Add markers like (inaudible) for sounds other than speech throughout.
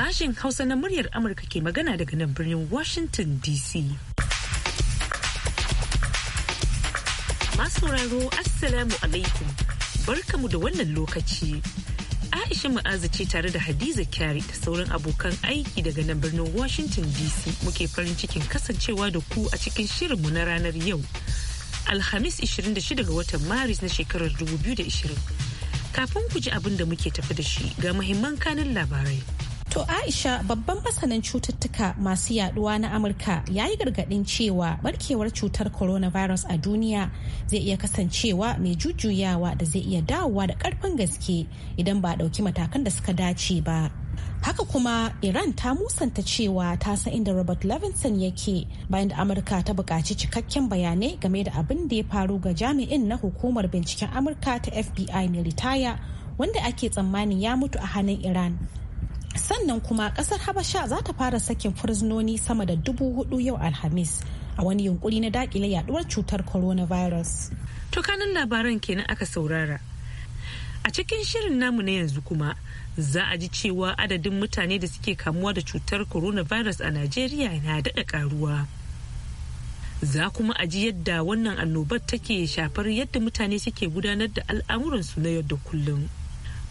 sashen Hausa na muryar Amurka ke magana daga nan birnin Washington DC. Masu Assalamu alaikum barkamu da wannan lokaci. Aisha Ma'azu ce tare da Hadiza Kyari da sauran abokan aiki daga nan birnin Washington DC muke farin cikin kasancewa da ku a cikin shirinmu na ranar yau. Alhamis 26 ga watan Maris na shekarar 2020. Kafin ku ji abin da muke tafi da shi ga mahimman kanin labarai. To Aisha babban masanin cututtuka masu yaduwa na Amurka ya yi gargaɗin cewa barkewar cutar coronavirus a duniya zai iya kasancewa mai jujjuyawa da zai iya dawowa da ƙarfin gaske idan ba a ɗauki matakan da suka dace ba. Haka kuma Iran ta musanta cewa ta san inda Robert Levinson yake bayan da Amurka ta buƙaci cikakken bayanai game da abin da ya faru ga jami'in na hukumar binciken Amurka ta FBI mai ritaya wanda ake tsammanin ya mutu a hannun Iran. sannan kuma kasar habasha za ta fara sakin fursunoni sama da dubu hudu yau alhamis a wani yunkuri na dakile yaduwar cutar coronavirus tukanin labaran kenan aka saurara a cikin shirin namu na yanzu kuma za a ji cewa adadin mutane da suke kamuwa da cutar coronavirus a najeriya na daɗa ƙaruwa za kuma a ji yadda wannan annobar take shafar yadda mutane suke gudanar da al'amuransu na yau da kullum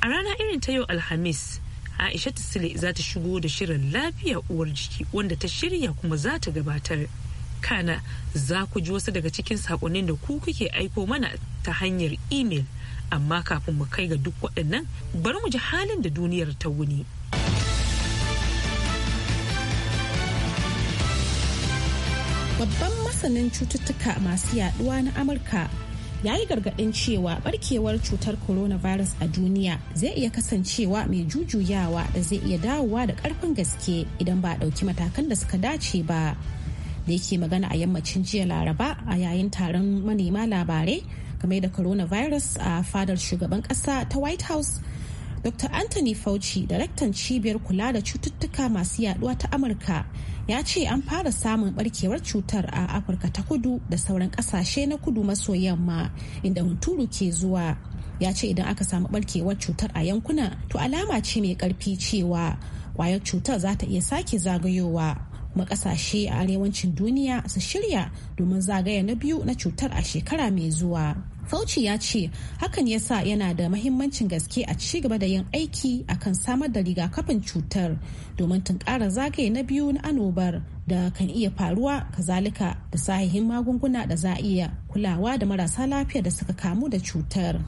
a rana irin ta yau alhamis aisha sule za ta shigo da shirin lafiya uwar jiki wanda ta shirya kuma za ta gabatar kana za ku ji wasu daga cikin saƙonnin da ku kuke aiko mana ta hanyar imel amma kafin mu kai ga duk waɗannan bari mu ji halin da duniyar ta wuni. Babban masanin cututtuka masu yaɗuwa na Amurka ya yi gargaɗin cewa barkewar cutar coronavirus a duniya zai iya kasancewa mai jujuyawa da zai iya dawowa da ƙarfin gaske idan ba a ɗauki matakan da suka dace ba da yake magana a yammacin jiya laraba a yayin taron manema labarai game da coronavirus a fadar shugaban ƙasa ta white house dr anthony fauci daraktan cibiyar kula da cututtuka masu yaduwa ta amurka ya ce an fara samun barkewar cutar a afirka ta kudu da sauran kasashe na kudu maso yamma inda hunturu ke zuwa ya ce idan aka samu barkewar cutar a yankuna to alama ce mai karfi cewa kwayar cutar za ta iya sake zagayowa kuma kasashe a arewacin duniya su shirya domin zagaya na biyu na cutar a shekara mai zuwa. Fauci ya ce hakan ya sa yana da mahimmancin gaske a ci gaba da yin aiki a kan samar da rigakafin cutar domin tunƙara zagaye na biyu na anobar da kan iya faruwa kazalika da sahihin magunguna da za a iya kulawa da marasa lafiya da suka kamu da cutar.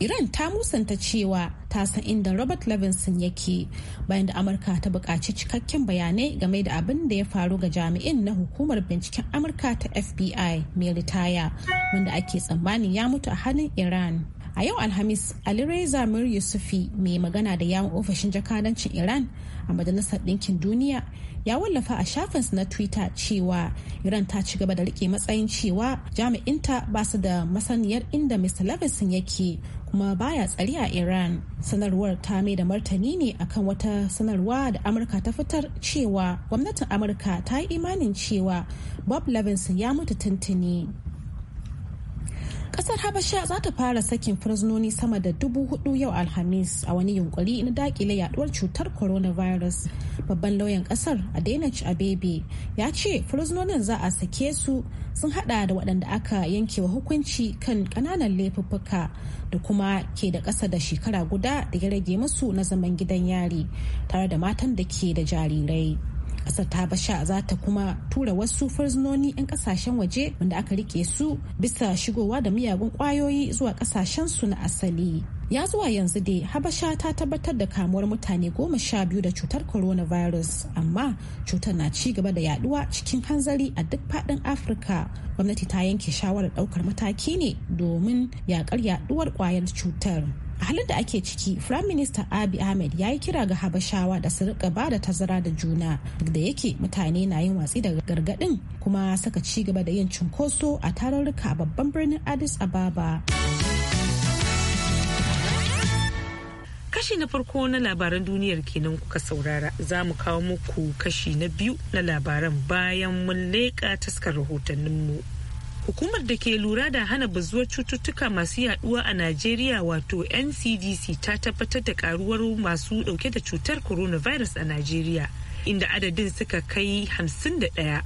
Iran ta musanta cewa ta san inda Robert Levinson yake bayan da Amurka ta buƙaci cikakken bayanai game da abin da ya faru ga jami'in na hukumar binciken Amurka ta FBI mai ritaya wanda ake tsammanin ya mutu a halin Iran. a yau alhamis alireza mir yusufi mai magana da yawon ofishin jakadancin iran a majalisar ɗinkin duniya ya wallafa a shafinsa na twitter cewa iran ta ci gaba da rike matsayin cewa jami'inta ba su da masaniyar inda mr levinson yake kuma baya tsari a iran sanarwar ta mai da martani ne akan wata sanarwa da amurka ta fitar cewa gwamnatin amurka ta yi imanin cewa bob levinson ya mutu tuntuni kasar habasha za ta fara sakin fursunoni sama da dubu hudu yau alhamis a wani yunkuri na dakile yaduwar cutar coronavirus babban lauyan kasar adenach abebe ya ce fursunonin za a sake su sun hada da waɗanda aka yankewa hukunci kan ƙananan laifuffuka da kuma ke da ƙasa da shekara guda da ya rage musu na zaman gidan yari tare da matan da ke da jarirai kasar ta basha za ta kuma tura wasu farzinoni 'yan kasashen waje wanda aka rike su bisa shigowa da miyagun kwayoyi zuwa kasashen su na asali ya zuwa yanzu dai habasha ta tabbatar da kamuwar mutane goma sha biyu da cutar coronavirus amma cutar na ci gaba da yaduwa cikin hanzari a duk fadin afirka gwamnati ta yanke shawarar daukar mataki ne domin yakar yaduwar kwayar cutar halin da ake ciki prime minister abi ahmed ya yi kira ga habashawa da su rika ba da tazara da juna da yake mutane na yin watsi daga gargadin kuma saka ci gaba da yin cunkoso a tarurruka a babban birnin addis ababa kashi na farko na labaran duniyar kenan kuka saurara za mu kawo muku kashi na biyu na labaran bayan mun leƙa taskar rahotanninmu. hukumar da ke lura da hana bazuwar cututtuka masu yaduwa a najeriya wato ncdc ta tabbatar da karuwar masu dauke da cutar coronavirus a najeriya inda adadin suka kai 51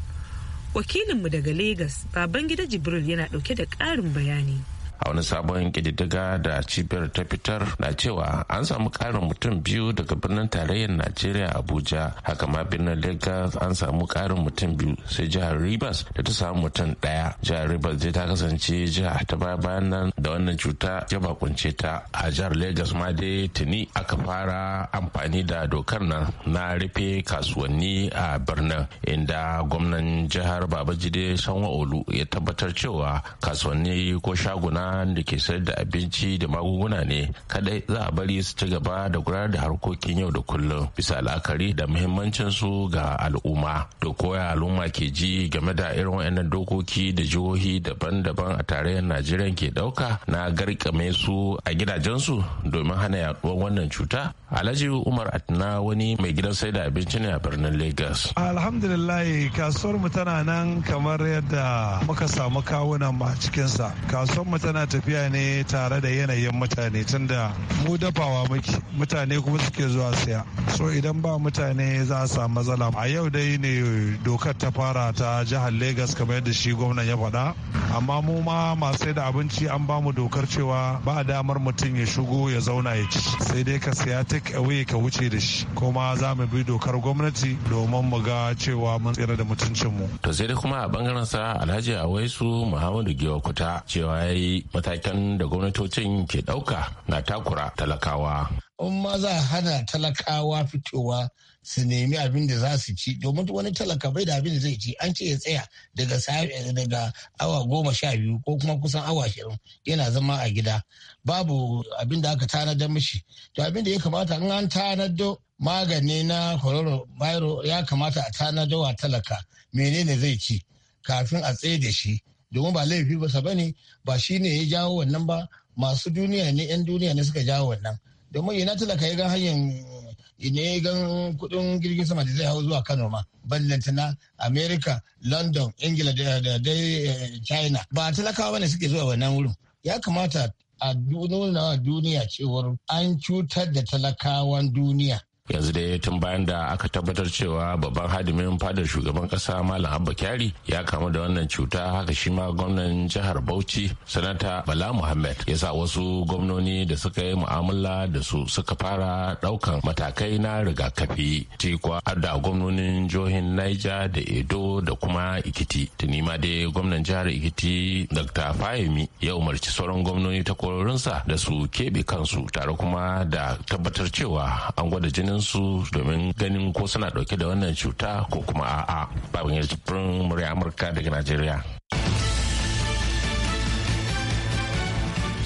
wakilinmu daga lagos babangida jibril yana dauke da karin bayani a wani sabon ƙididdiga da cibiyar ta fitar na cewa an samu karin mutum biyu daga birnin tarayyar najeriya abuja haka ma birnin lagos an samu karin mutum biyu sai jihar rivers da ta samu mutum ɗaya jihar rivers zai ta kasance jiha ta baya bayan nan da wannan cuta ya bakunce ta a jihar lagos ma dai tuni aka fara amfani da dokar nan na rufe kasuwanni a birnin inda gwamnan jihar babajide sanwa olu ya tabbatar cewa kasuwanni ko shaguna jami'an da ke sayar da abinci da magunguna ne kadai za a bari su ci gaba da gudanar da harkokin yau da kullum bisa la'akari da muhimmancin su ga al'umma da koya al'umma ke ji game da irin wa'annan dokoki da jihohi daban-daban a tarayyar najeriya ke dauka na garkame su a gidajensu domin hana yaduwar wannan cuta Alhaji Umar Atna wani mai gidan sai da abinci ne a birnin Lagos. Alhamdulillah kasuwar mu tana nan kamar yadda muka samu kawunan mu a sa Kasuwar mu tana tafiya ne tare da yanayin mutane tunda mu dafawa muke mutane kuma suke zuwa siya. So idan ba mutane za a samu matsala. A yau dai ne dokar ta fara ta jihar Lagos kamar yadda shi gwamnan ya faɗa. Amma mu ma masu sai da abinci an ba mu dokar cewa ba damar mutum ya shigo ya zauna ya ci. Sai dai ka siya take away ka wuce da shi kuma za mu bi dokar gwamnati domin mu ga cewa mun tsira da mutuncin To sai dai kuma a bangaren sa Alhaji Awaisu Muhammadu Giyokuta cewa yayi matakan da gwamnatocin ke ɗauka na takura talakawa. In za hana talakawa fitowa su nemi abin da za su ci domin wani talaka bai da abin da zai ci an ce ya tsaya daga eh, daga awa goma sha biyu ko kuma kusan awa ashirin yana zama a gida babu abin da aka tanadar mishi to abin da ya kamata in an tanado magani na coronavirus ya kamata a tanado wa talaka menene zai ci kafin a tsaye da shi domin ba laifi ba sa bane ba shi ne ya jawo wannan ba masu duniya ne 'yan duniya ne suka jawo wannan domin ina talaka ya ga hanyar ne gan kudin jirgin sama da zai hau zuwa kano ma ballantana america london ingila da dai eh, china ba talakawa ne suke zuwa wannan wurin ya kamata a nuna duniya cewar an cutar da talakawan duniya yanzu dai tun bayan da aka tabbatar cewa babban hadimin fadar shugaban kasa malam abba kyari ya kamu da wannan cuta haka shi ma gwamnan jihar bauchi sanata bala muhammad ya sa wasu gwamnoni da suka yi mu'amala da su suka fara daukan matakai na rigakafi tikwa har da gwamnonin jihohin niger da edo da kuma ikiti tuni ma dai gwamnan jihar ikiti dr fahimi ya umarci sauran gwamnoni ta takwarorinsa da su keɓe kansu tare kuma da tabbatar cewa an gwada jinin su domin ganin ko suna dauke da wannan cuta ko kuma a'a babin ya murya amurka daga najeriya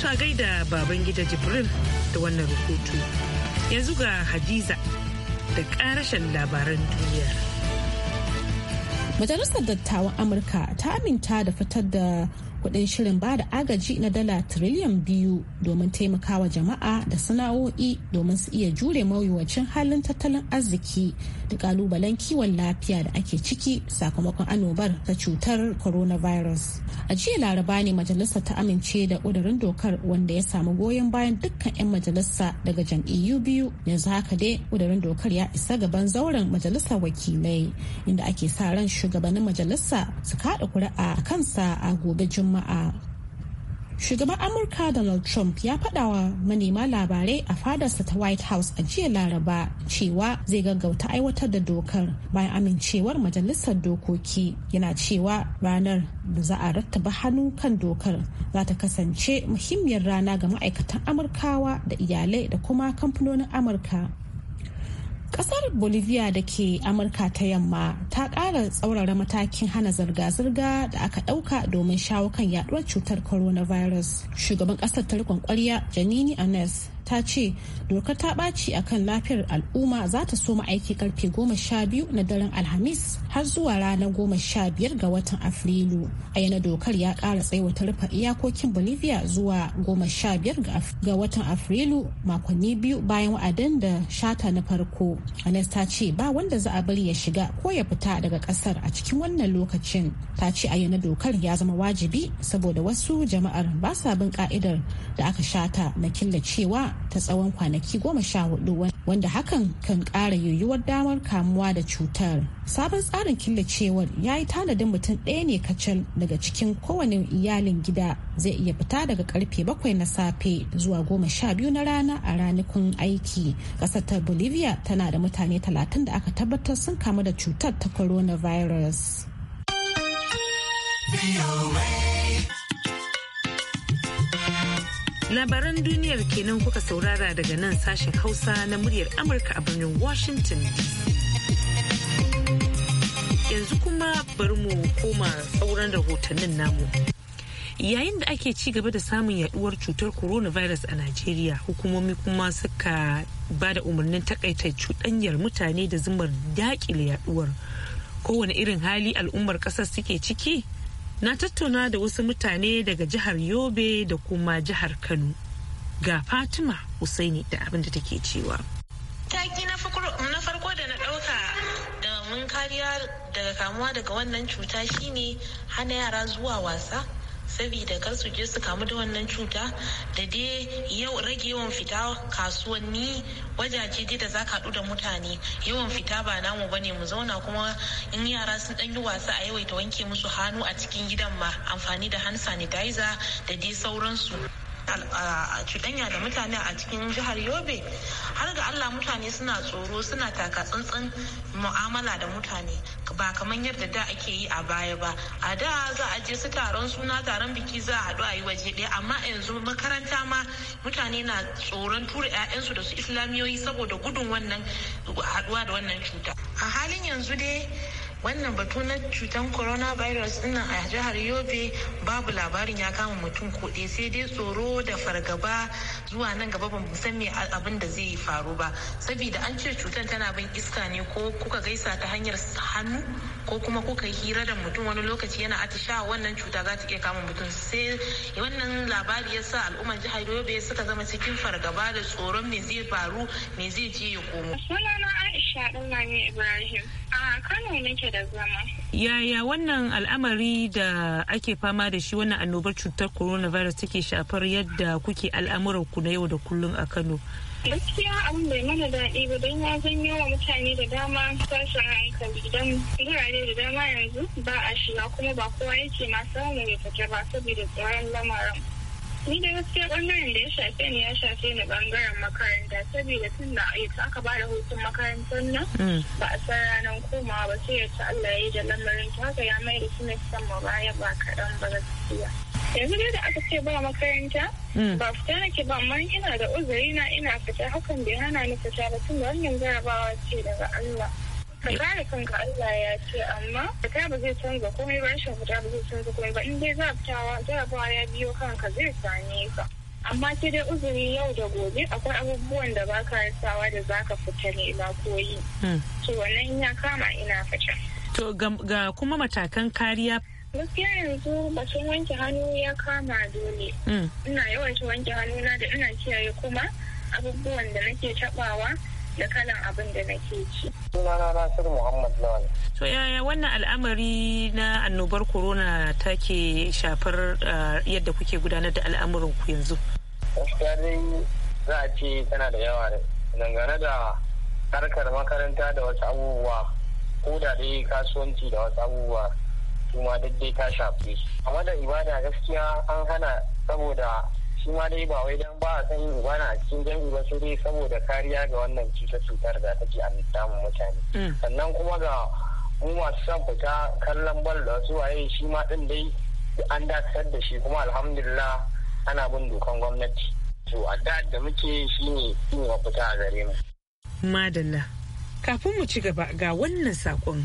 ta gaida baban gida jibril da wannan rahoto yanzu ga hadiza da karashen labaran duniya majalisar dattawan amurka ta aminta da fitar da kudin shirin ba da agaji na dala tiriliyan biyu domin taimakawa jama'a da sana'o'i domin su iya jure mawuyacin halin tattalin arziki da kalubalen kiwon lafiya da ake ciki sakamakon anobar ta cutar coronavirus a jiya laraba ne majalisa ta amince da kudurin dokar wanda ya samu goyon bayan dukkan 'yan majalisa daga jam'iyyu biyu yanzu haka dai kudurin dokar ya isa gaban zauren majalisar wakilai inda ake sa ran shugabannin majalisa su kaɗa kuri'a a kansa a gobe juma. jama'a. Shugaban Amurka Donald Trump ya faɗawa manema labarai a fadarsa ta White House a jiya Laraba cewa zai gaggauta aiwatar da dokar bayan amincewar Majalisar Dokoki yana cewa ranar da za a rattaba hannu kan dokar za ta kasance muhimmiyar rana ga ma'aikatan Amurkawa da iyalai da kuma kamfanonin Amurka Kasar Bolivia da ke Amurka ta yamma ta kara tsaurara matakin hana zirga-zirga da aka dauka domin shawo kan yaduwar cutar coronavirus. Shugaban ƙasar ta riƙon ƙwarya Janini Anes ta ce dokar ta ɓaci a kan lafiyar al'umma za ta soma aiki karfe goma sha biyu na daren alhamis har zuwa ranar goma sha biyar ga watan afrilu a yana dokar ya ƙara tsaiwata rufe iyakokin bolivia zuwa goma sha biyar ga watan afrilu makonni biyu bayan wa'adin da shata na farko anes ta ce ba wanda za a bari ya shiga ko ya fita daga ƙasar a cikin wannan lokacin ta ce a yana dokar ya zama wajibi saboda wasu jama'ar ba sa bin ka'idar da aka shata na killacewa ta tsawon kwanaki goma sha hudu wanda hakan kan kara yiwuwar damar kamuwa da cutar. Sabon tsarin killacewar ya yi tanadin mutum ɗaya ne kacal daga cikin kowane iyalin gida zai iya fita daga karfe bakwai na safe zuwa goma sha biyu na rana a ranakun aiki. Ƙasar ta Bolivia tana da mutane talatin da aka tabbatar sun kamu da cutar ta coronavirus. Labaran duniyar kenan kuka saurara daga nan sashen Hausa na muryar Amurka a birnin Washington Yanzu kuma bari mu koma sauran rahotannin namu. Yayin da ake ci gaba da samun yaduwar cutar coronavirus a Najeriya, hukumomi kuma suka ba da umarnin takaita cuɗanyar mutane da zumar dakile yaduwar. Kowane irin hali al'ummar ƙasar suke ciki? na tattauna da wasu mutane daga jihar yobe da kuma jihar kano ga fatima husaini da abin da take cewa taki na farko da na ɗauka da mun kariya daga kamuwa daga wannan cuta shine hana yara zuwa wasa sabida kar su je su kamu da wannan cuta da dai yau rage yawan fita kasuwanni wajaje dai da za ka da mutane yawan fita ba namu bane mu zauna kuma in yara sun ɗan yi wasa a yawaita wanke musu hannu a cikin gidan ma amfani da hand sanitizer da dai sauransu. cuɗanya da mutane a cikin jihar yobe har ga allah mutane suna tsoro suna taka tsantsan mu'amala da mutane ba kamar yadda da ake yi a baya ba a da za a je su taron suna taron biki za a haɗu a yi waje ɗaya amma yanzu makaranta ma mutane na tsoron tura 'ya'yansu da su islamiyoyi saboda gudun wannan haɗuwa da wannan cuta a halin yanzu dai wannan batu na cutan coronavirus din a jihar yobe babu labarin ya kama mutum kuɗi sai dai tsoro da fargaba zuwa nan gaba ban san me abin da zai faru ba saboda an ce cutar tana bin iska ne ko kuka gaisa ta hanyar hannu ko kuma kuka hira da mutum wani lokaci yana atisha wannan cuta za ta iya kama mutum sai wannan labari ya sa al'umman jihar yobe suka zama cikin fargaba da tsoron me zai faru me zai je ya komo Aisha Ibrahim. A Kano nake da zama. Yaya wannan al'amari da ake fama da shi wannan annobar cutar coronavirus take shafar yadda kuke al'amuran ku na yau da kullum a Kano? gaskiya abin bai mana daɗi ba don ya janyo wa mutane da dama tashin hankali don gurare da dama yanzu ba a shiga kuma ba kowa yake masu samun ya fita ba saboda tsoron lamarin ni da gaskiya bangaren da ya shafe ni ya shafe ni bangaren makaranta saboda tun da aka ba da hutun makarantar nan mm. ba a san ranar komawa ba sai ya ci Allah ya yi lamarin ta haka ya mai da su ne sama baya ba kaɗan ba gaskiya. yanzu dai da aka ce ba makaranta mm. ba fita nake ba amma ina da uzuri na ina fita hakan bai hana ni fita ba tun da wannan jarabawa ce daga Allah. Tsare kanka Allah ya ce amma fita ba zai canza komai ba rashin fita ba zai canza komai ba in dai za fitawa jarabawa ya biyo kanka zai same ka. Amma sai dai uzuri yau da gobe akwai abubuwan da ba ka da za ka fita ne ba koyi. Hmm. To wannan ya kama ina fita. To ga kuma matakan kariya gaskiya yanzu batun wanke hannu ya kama dole hmm. ina yawanci wanke hannuna da ina kiyaye kuma abubuwan da nake tabawa da kalan abin da nake ci Sunana Nasiru Muhammad Lawal. So yaya wannan al'amari na annobar corona take shafar eh, yadda kuke gudanar da al'amuran ku yanzu? Gaskiya dai za a ce tana da yawa dangane da harkar makaranta da wasu abubuwa ko da dai kasuwanci da wasu abubuwa su ma duk dai ta shafe. Amma da ibada gaskiya an hana saboda shi ma dai ba wai dan ba a san ubana a cikin jami'i ba sai dai saboda kariya ga wannan cutar cutar da take a samun mutane mm. sannan kuma ga mu masu san fita kallon bal da wasu waye shi ma din dai an dakatar da shi kuma alhamdulillah ana bin dokan gwamnati to a da muke shi ne yin fita a gare mu madalla kafin mu ci gaba ga wannan sakon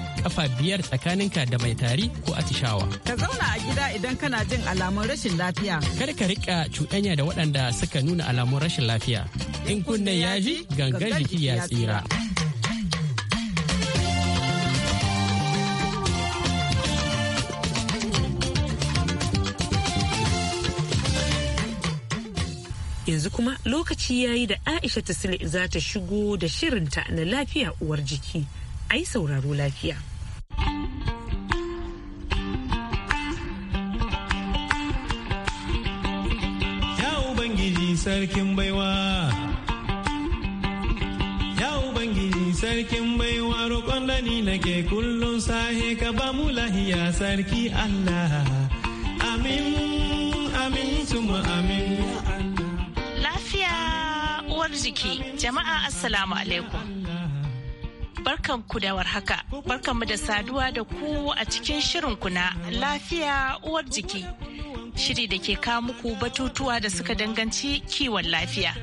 kafa biyar tsakaninka da mai tari ko atishawa. Ka zauna a gida idan kana jin alamun rashin lafiya. Kar ka rika cuɗanya da waɗanda suka nuna alamun rashin lafiya. In kunne ya ji gangan jiki ya tsira. yanzu kuma lokaci ya yi da aisha ta za ta shigo da shirinta na lafiya uwar jiki ai sauraro lafiya sarkin baiwa ya ubangiji sarkin baiwa roƙon da ni nake kullum sahe ka ba mu lahiya sarki allah amin amin tuma amin lafiya uwar jiki jama'a assalamu alaikum barkan ku da warhaka barkan mu da saduwa da ku a cikin shirin na lafiya uwar jiki shiri da ke kawo muku batutuwa da suka danganci kiwon lafiya.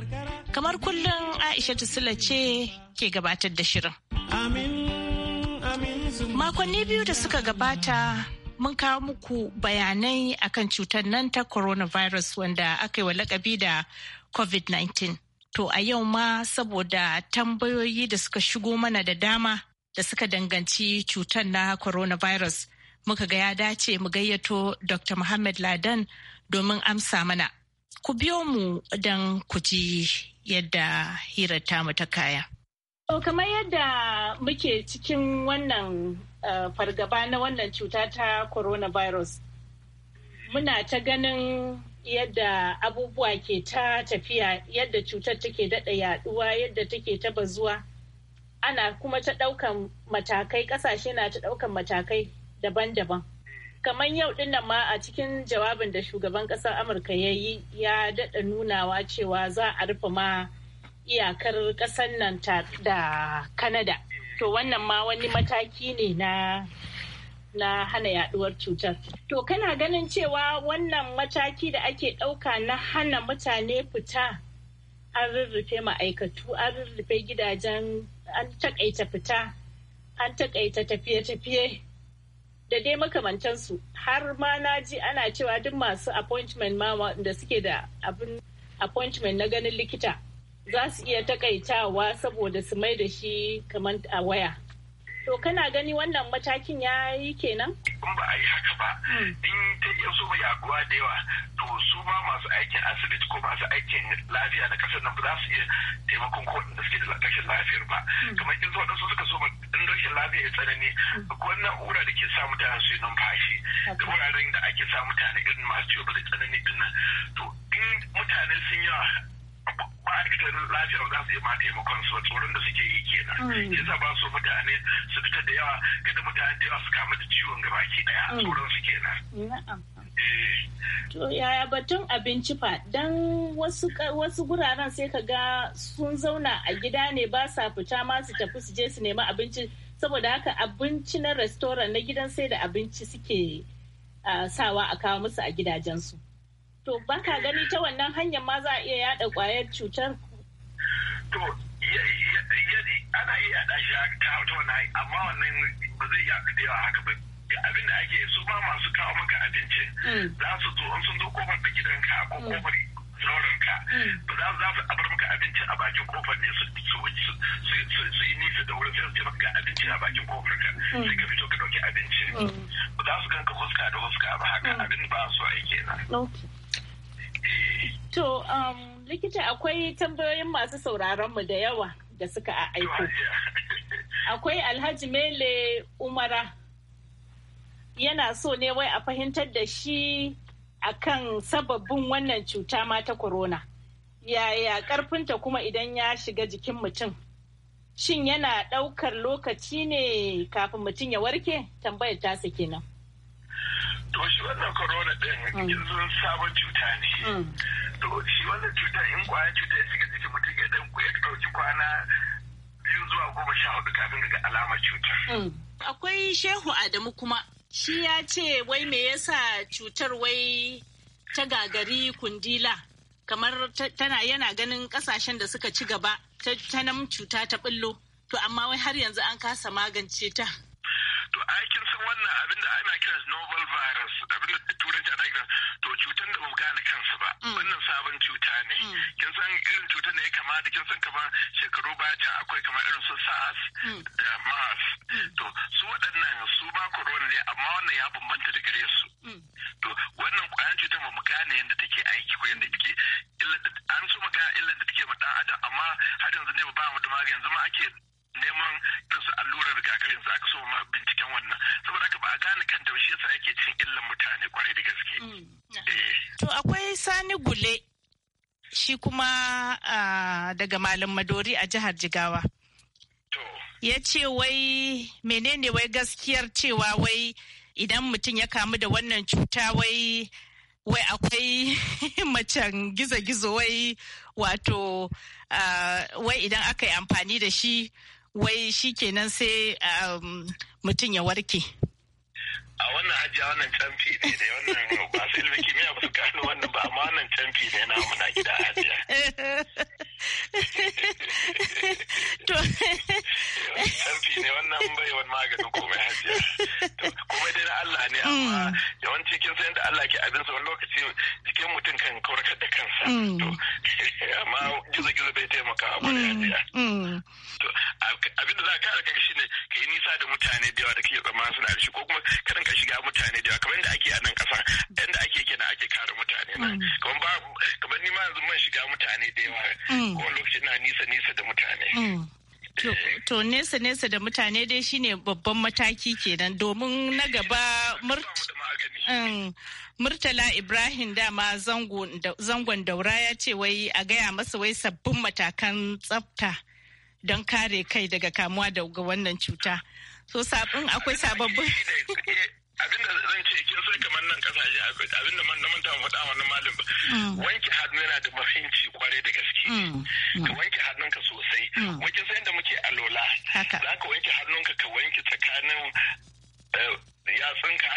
Kamar kullum Aisha Sula ce ke gabatar da shirin. Makonni biyu da suka gabata mun kawo muku bayanai akan cutar nan ta coronavirus wanda aka yi wa lakabi da COVID-19. To a yau ma saboda tambayoyi da suka shigo mana da dama da suka danganci cutar na coronavirus muka ga ya dace mu gayyato Dr. Muhammad Ladan domin amsa mana. Ku biyo mu don ku ji yadda hirarta mu ta kaya. To kamar yadda muke cikin wannan eh, fargaba na wannan cuta ta coronavirus, muna ta ganin yadda abubuwa ke ta tafiya yadda cutar take daɗa yaɗuwa yadda take ta bazuwa ana kuma ta ɗaukan matakai ƙasashe na ta ɗaukan matakai daban-daban kamar yau din nan ma a cikin jawabin da shugaban ƙasar amurka ya yi ya daɗa nunawa cewa za a rufe ma iyakar ƙasar nan da kanada to wannan ma wani mataki ne na na hana yaduwar cutar. To kana ganin cewa wannan mataki da ake ɗauka na hana mutane fita an rurrufe ma'aikatu, an rurrufe gidajen, an taƙaita fita, an taƙaita tafiye-tafiye da dai makamancinsu har ma na ji ana cewa duk masu appointment ma da suke da abin appointment na ganin likita za su iya takaitawa saboda su mai da shi kamar a waya To kana gani wannan matakin ya yi kenan? In ba a yi haka ba, hmm. in ta iya so mai yaguwa da yawa, to su ma masu aikin asibiti ko masu aikin lafiya na kasar nan ba za su iya taimakon ko da suke da rashin lafiyar ba. Hmm. Kamar in zo waɗansu suka so in rashin lafiya ya tsanani, hmm. wannan na'ura da ke sa mutane su yi numfashi, da wuraren da ake sa mutane irin masu ciwo ba da tsanani din nan. To in mutane sun yawa ma'aikatan lafiyar za su yi ma taimakon su tsoron da suke yi kenan mm. yasa ba su mutane su fitar da yawa kada mutane da yawa su kama da ciwon gaba ki daya mm. tsoron su kenan eh. To yaya batun abinci fa dan wasu guraren sai ka ga sun zauna a gida ne ba sa fita ma su tafi su je su nemi abinci saboda haka abinci na restoran na gidan sai da abinci suke ah, sawa a kawo musu a gidajensu. to ban ka gani ta wannan hanyar ma za a iya yada kwayar cutar to ana iya yada shi ta wannan amma wannan ba zai yadu da yawa haka ba abin da ake su ma masu kawo maka abinci mm. za su zo in sun zo kofar da gidanka ko kofar mm. sauranka mm. ba za su abar maka abinci a bakin kofar ne su yi nisa da wurin sai su maka abinci a bakin kofar ka sai ka fito ka dauki abinci ba za su ganka huska da huska ba haka abin ba su aiki na. To, um, likita akwai tambayoyin masu sauraron mu da yawa da suka aiko. Akwai Alhaji Mele Umara yana so ne wai a fahimtar da shi akan sababbin wannan cuta ma ta corona. Yaya karfinta kuma idan ya shiga jikin mutum? Shin yana ɗaukar lokaci ne kafin mutum ya warke? Tambayar tasa kenan. to shi wannan corona din yanzu mm. sabon cuta ne mm. to shi wannan cuta in kwayan cuta ya shiga cikin mutum ya dan ya dauki kwana biyu zuwa goma sha hudu kafin ga alamar cutar mm. akwai shehu adamu kuma shi ya ce wai me yasa cutar wai ta gagari kundila kamar tana yana ganin kasashen da suka ci gaba ta nan cuta ta billo to amma wai har yanzu an kasa magance ta to aikin sun wannan abin da ana kira novel virus abin da turanci ana kira to cutan da ba gane kansu ba mm. wannan sabon cuta ne mm. kin san irin cutan da ya kama da kin san kamar shekaru baya can akwai kamar irin su SARS mm. da MERS to su waɗannan su ba corona ne amma wannan ya bambanta da gare su to wannan kwayan cutar ba mu gane yadda take aiki ko yadda take an so mu ga illa da take ma dan adam amma har yanzu ne ba mu da magani yanzu ma ake neman irinsu allurar rigakafi yanzu aka so ma binciken wannan saboda ka ba a gane kan da shi yasa yake cin illan mutane kwarai da gaske. Mm. Eh. To akwai Sani Gule shi kuma daga Malam Madori a jihar Jigawa. Ya ce wai menene wai gaskiyar cewa wai idan mutum ya kamu da wannan cuta wai wai akwai (laughs) macen gizo-gizo wai wato wai idan aka yi amfani da shi wai shi kenan sai um, mutum ya warke a wannan hajiya wannan canfi ne da wannan ba su ilmi kimiyya ba su gano wannan ba amma wannan canfi ne na muna gida hajiya (laughs) to sarfi ne wannan bai wani maganin komai hajiya komai dai na Allah ne mm. amma yawanci kin san da Allah ke abin sa wani lokaci cikin mutum kan kaurkar da kansa mm. (laughs) amma gizo gizo bai taimaka a gwada mm. hajiya abin da za ka kare shine ka yi nisa da mutane da yawa da kake tsammanin suna da shi ko kuma karin ka shiga mutane da yawa kamar yadda ake a nan kasa yadda ake kenan ake kare mutane nan kamar ni ma yanzu man shiga mutane da yawa Mm. Wani na nisa nisa da mutane. Mm. Eh. To nesa nesa da mutane dai shine babban mataki kenan domin na gaba mm. Murtala Ibrahim dama zangon daura ya ce wai a gaya masa wai sabbin matakan tsafta don kare kai daga kamuwa da wannan cuta. So sabon akwai sababbin. abinda zan ce kin sai kamar nan kasashe abinda man da manta faɗa malin malam mm. wanke hannu yana da mafinci kwarai da gaske mm. Mm. ka wanke hannunka sosai wajen sai da muke alola za ka wanke hannunka ka wanke tsakanin eh, yatsunka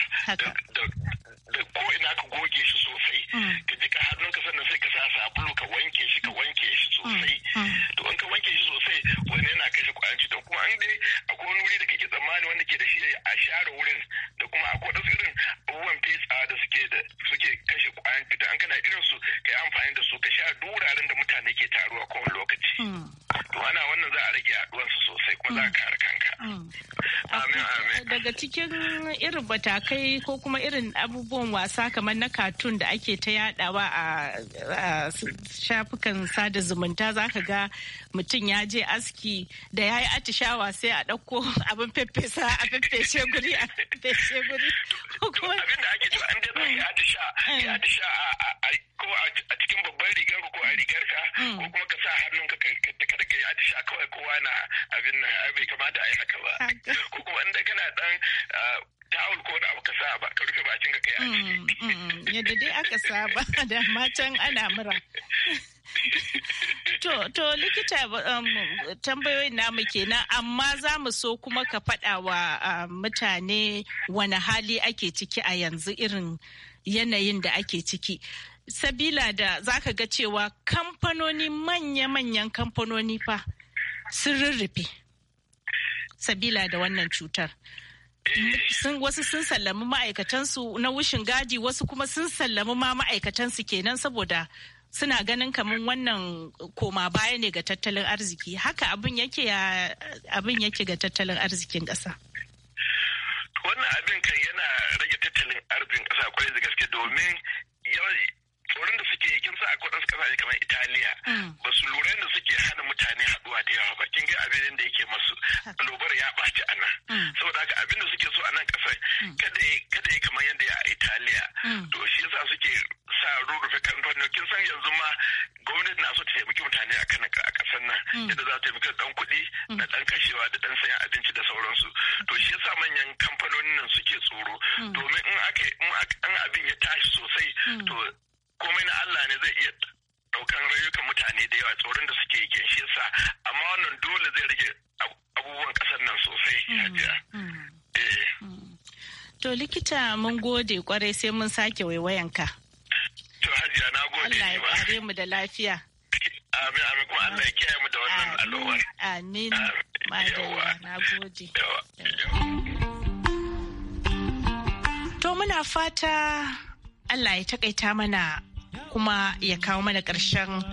ko ina ka goge shi sosai mm. ka jika hannunka sannan sai ka sa sabulu ka wanke shi ka wanke shi mm. sosai mm. to in ka wanke shi sosai wani yana kashe kwayan cuta kuma an dai akwai wani wuri da kake tsammani wanda ke da shi a share wurin da kuma akwai wasu irin abubuwan fesa da suke da suke kashe kwayan cuta an kana irin su ka yi amfani da su ka sha duraren da mutane ke taruwa kowane lokaci to ana wannan za a rage yaduwarsu sosai kuma za a kare kanka amin amin daga cikin irin batakai ko kuma irin abubuwan wasa kamar na katun da ake ta yadawa a shafukan sada zumunta zaka ga mutum ya je aski da ya yi atishawa sai a ɗauko abin feffesa a feffeshe guri a feffeshe guri. Abin ake an atisha ko a cikin babban rigar ko a rigar ka ko mm. kuma ka sa hannun ka ka yi atisha kawai kowa na abin nan ai bai kamata a yi haka ba ko kuma inda kana dan tawul ko da abu ka sa ba ka rufe bakin ka kai ciki mm, mm, mm. yadda dai aka saba (laughs) da matan ana mura (laughs) to, to likita um, tambayoyin namu kenan amma za mu so kuma ka faɗa wa uh, mutane wani hali ake ciki a yanzu irin yanayin da ake ciki sabila da zaka ga cewa kamfanoni manya-manyan kamfanoni fa sun rurrufe sabila da wannan cutar. sun wasu sun sallami ma'aikatansu na wushin gadi wasu kuma sun sallami ma ma'aikatansu kenan saboda suna ganin kamar wannan koma baya ne ga tattalin arziki haka abin yake ya abin yake ga tattalin arzikin ƙasa wannan abin kan yana rage tattalin arzikin ƙasa kwarai da gaske domin tsoron da suke kin sa a wasu kasashe kamar Italiya hmm. ba su lura da suke hana mutane haɗuwa da yawa ba kin ga abin da yake masu lobar ya baci a nan hmm. saboda haka abin da suke so a nan kasar hmm. kada kada kamar yadda ya Italiya to shi yasa suke sa rurrufe kamfanoni kin san yanzu ma gwamnati na so ta taimaki mutane a kan a kasar nan yadda za ta taimaki da ɗan kuɗi da dan kashewa da dan sayan abinci da sauransu to shi yasa manyan kamfanonin nan suke tsoro domin in aka in abin ya tashi sosai to komai na Allah ne zai iya daukan rayukan mutane da yawa tsoron da suke yake shi yasa amma wannan dole zai rage abubuwan kasar nan sosai mm-hmm. hajiya mm-hmm. Eh. Mm-hmm. to likita mun gode kwarai sai mun sake ka to hajiya na gode Allah ya kare mu da lafiya amin amin kuma Allah ya kiyaye mu da wannan alowar amin madalla na gode to muna fata Allah ya takaita mana kuma ya kawo mana ƙarshen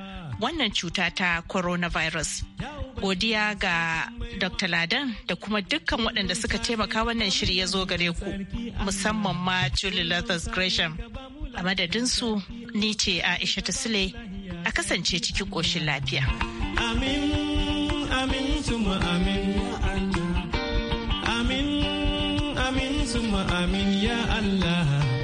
wannan cuta ta coronavirus. Godiya ga Dr. Ladan da kuma dukkan waɗanda suka taimaka wannan shiri ya zo gare ku musamman ma Julie Lathers Gresham. A madadinsu ni ce Aisha Sule a kasance cikin ƙoshin lafiya. Amin, amin, suma amin, amin, amin, suma amin ya Allah.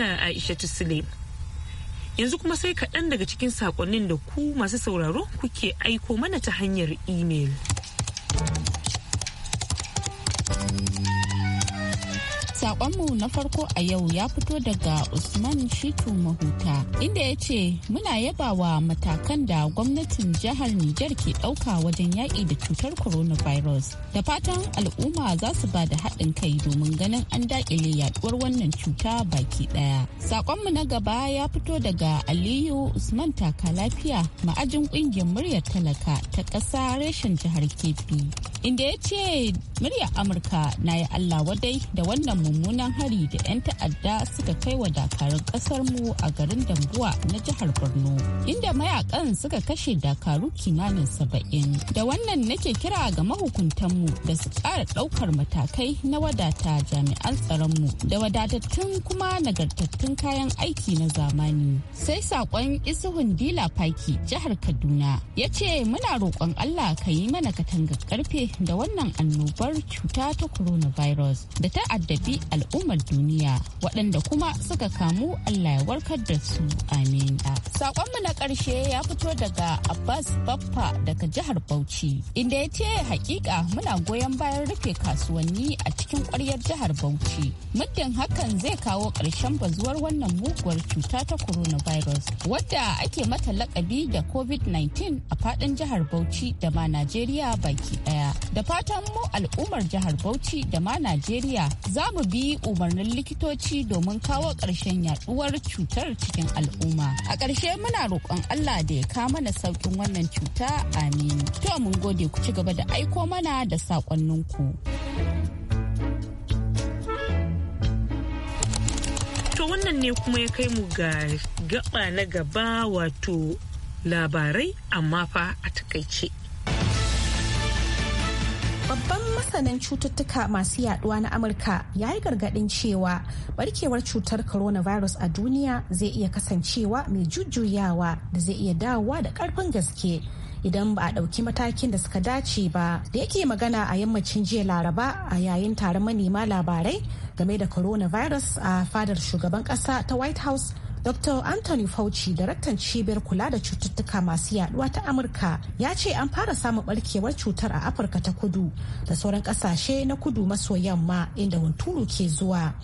da Aisha Sule. Yanzu kuma sai kaɗan daga cikin saƙonnin da ku masu sauraro kuke aiko mana ta hanyar imel. Sakonmu na farko a yau ya fito daga Usman Shitu Mahuta inda ya ce muna wa matakan da gwamnatin jihar Nijar ke dauka wajen yaƙi da cutar coronavirus. Da fatan al'umma za su ba da haɗin kai domin ganin an daƙile yaɗuwar wannan cuta baki ɗaya. Sakonmu na gaba ya fito daga Aliyu Usman Taka Lafiya ma'ajin ƙungiyar muryar talaka ta ƙasa reshen jihar Kebbi. Inda ya ce muryar Amurka na yi Allah wadai da wannan mummunan hari da 'yan ta'adda suka kai wa dakarun kasar mu a garin dambuwa na jihar borno inda mayakan suka kashe dakaru kimanin saba'in da wannan nake kira ga mahukuntan mu da su ƙara ɗaukar matakai na wadata jami'an tsaron mu da wadatattun kuma nagartattun kayan aiki na zamani sai saƙon isuhun dila faki jihar kaduna ya ce muna roƙon allah ka yi mana katangar karfe da wannan annobar cuta ta coronavirus da ta addabi al'ummar duniya waɗanda kuma suka kamu Allah ya warkar da su amin. saƙonmu na ƙarshe ya fito daga Abbas Baffa daga jihar Bauchi inda ya ce hakika muna goyon bayan rufe kasuwanni a cikin ƙwaryar jihar Bauchi. Muddin hakan zai kawo ƙarshen bazuwar wannan muguwar cuta ta coronavirus wadda ake mata lakabi da COVID-19 a faɗin jihar Bauchi da ma Najeriya baki ɗaya. Da fatan mu al'ummar jihar Bauchi da ma Najeriya za mu bi bi umarnin likitoci domin kawo ƙarshen yaduwar cutar cikin al'umma. A ƙarshe muna roƙon Allah da ya ka mana saukin wannan cuta amin. To mun gode ku ci gaba da aiko mana da saƙonninku. To wannan ne kuma ya kai mu ga gaba na gaba wato labarai amma fa a takaice. Babban masanin cututtuka masu yaduwa na Amurka ya yi gargadin cewa barkewar cutar coronavirus a duniya zai iya kasancewa mai jujjuyawa da zai iya dawowa da ƙarfin gaske. idan ba a ɗauki matakin da suka dace ba da yake magana a yammacin jiya laraba a yayin taron manema labarai game da coronavirus a fadar shugaban ƙasa ta white house Dr. Anthony Fauci, daraktan cibiyar kula da cututtuka masu yaduwa ta Amurka, ya ce an fara samun barkewar cutar a Afirka ta kudu da sauran kasashe na kudu maso yamma inda hunturu ke zuwa.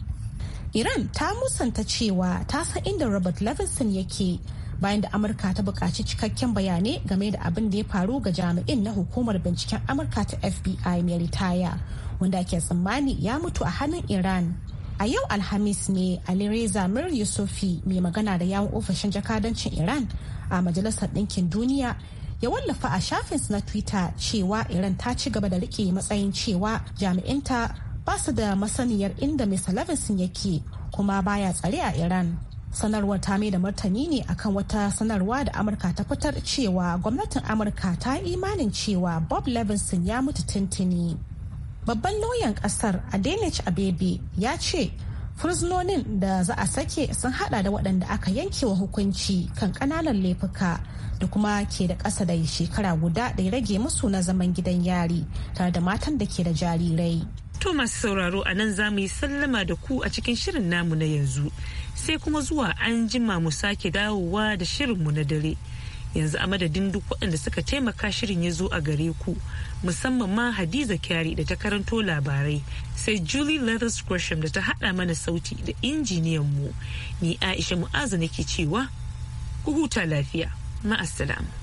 Iran ta musanta cewa ta san inda Robert Levinson yake bayan da Amurka ta buƙaci cikakken bayanai game da abin da ya faru ga jami'in na hukumar binciken Amurka ta FBI mai ritaya wanda ke tsammani ya mutu a hannun Iran. A yau Alhamis ne Alireza Mir Yusufi mai magana da yawun ofishin jakadancin Iran a Majalisar Ɗinkin Duniya ya wallafa a shafinsa na Twitter cewa Iran ta ci gaba da rike matsayin cewa jami'inta ba su da masaniyar inda Mr. Levinson yake kuma baya tsare a Iran. Sanarwar ta mai da martani ne akan wata sanarwa da Amurka ta fitar cewa gwamnatin Amurka ta imanin cewa Bob Levinson ya mutu tintini. babban lauyan kasar adenich abebe ya ce fursunonin da za a sake sun hada da waɗanda aka yanke wa hukunci kan kananan laifuka da kuma ke da ƙasa da shekara guda da ya rage musu na zaman gidan yari tare da matan da ke da jarirai. To masu sauraro a nan za mu yi sallama da ku a cikin shirin namu na yanzu sai kuma zuwa an jima mu sake dawowa da shirinmu na dare. yanzu a madadin duk waɗanda suka taimaka shirin ya zo a gare ku musamman ma hadiza kyari da ta karanto labarai sai julie leathers gresham da ta haɗa mana sauti da injiniyan mu ni aisha mu'azu nake cewa ku huta lafiya ma'assalam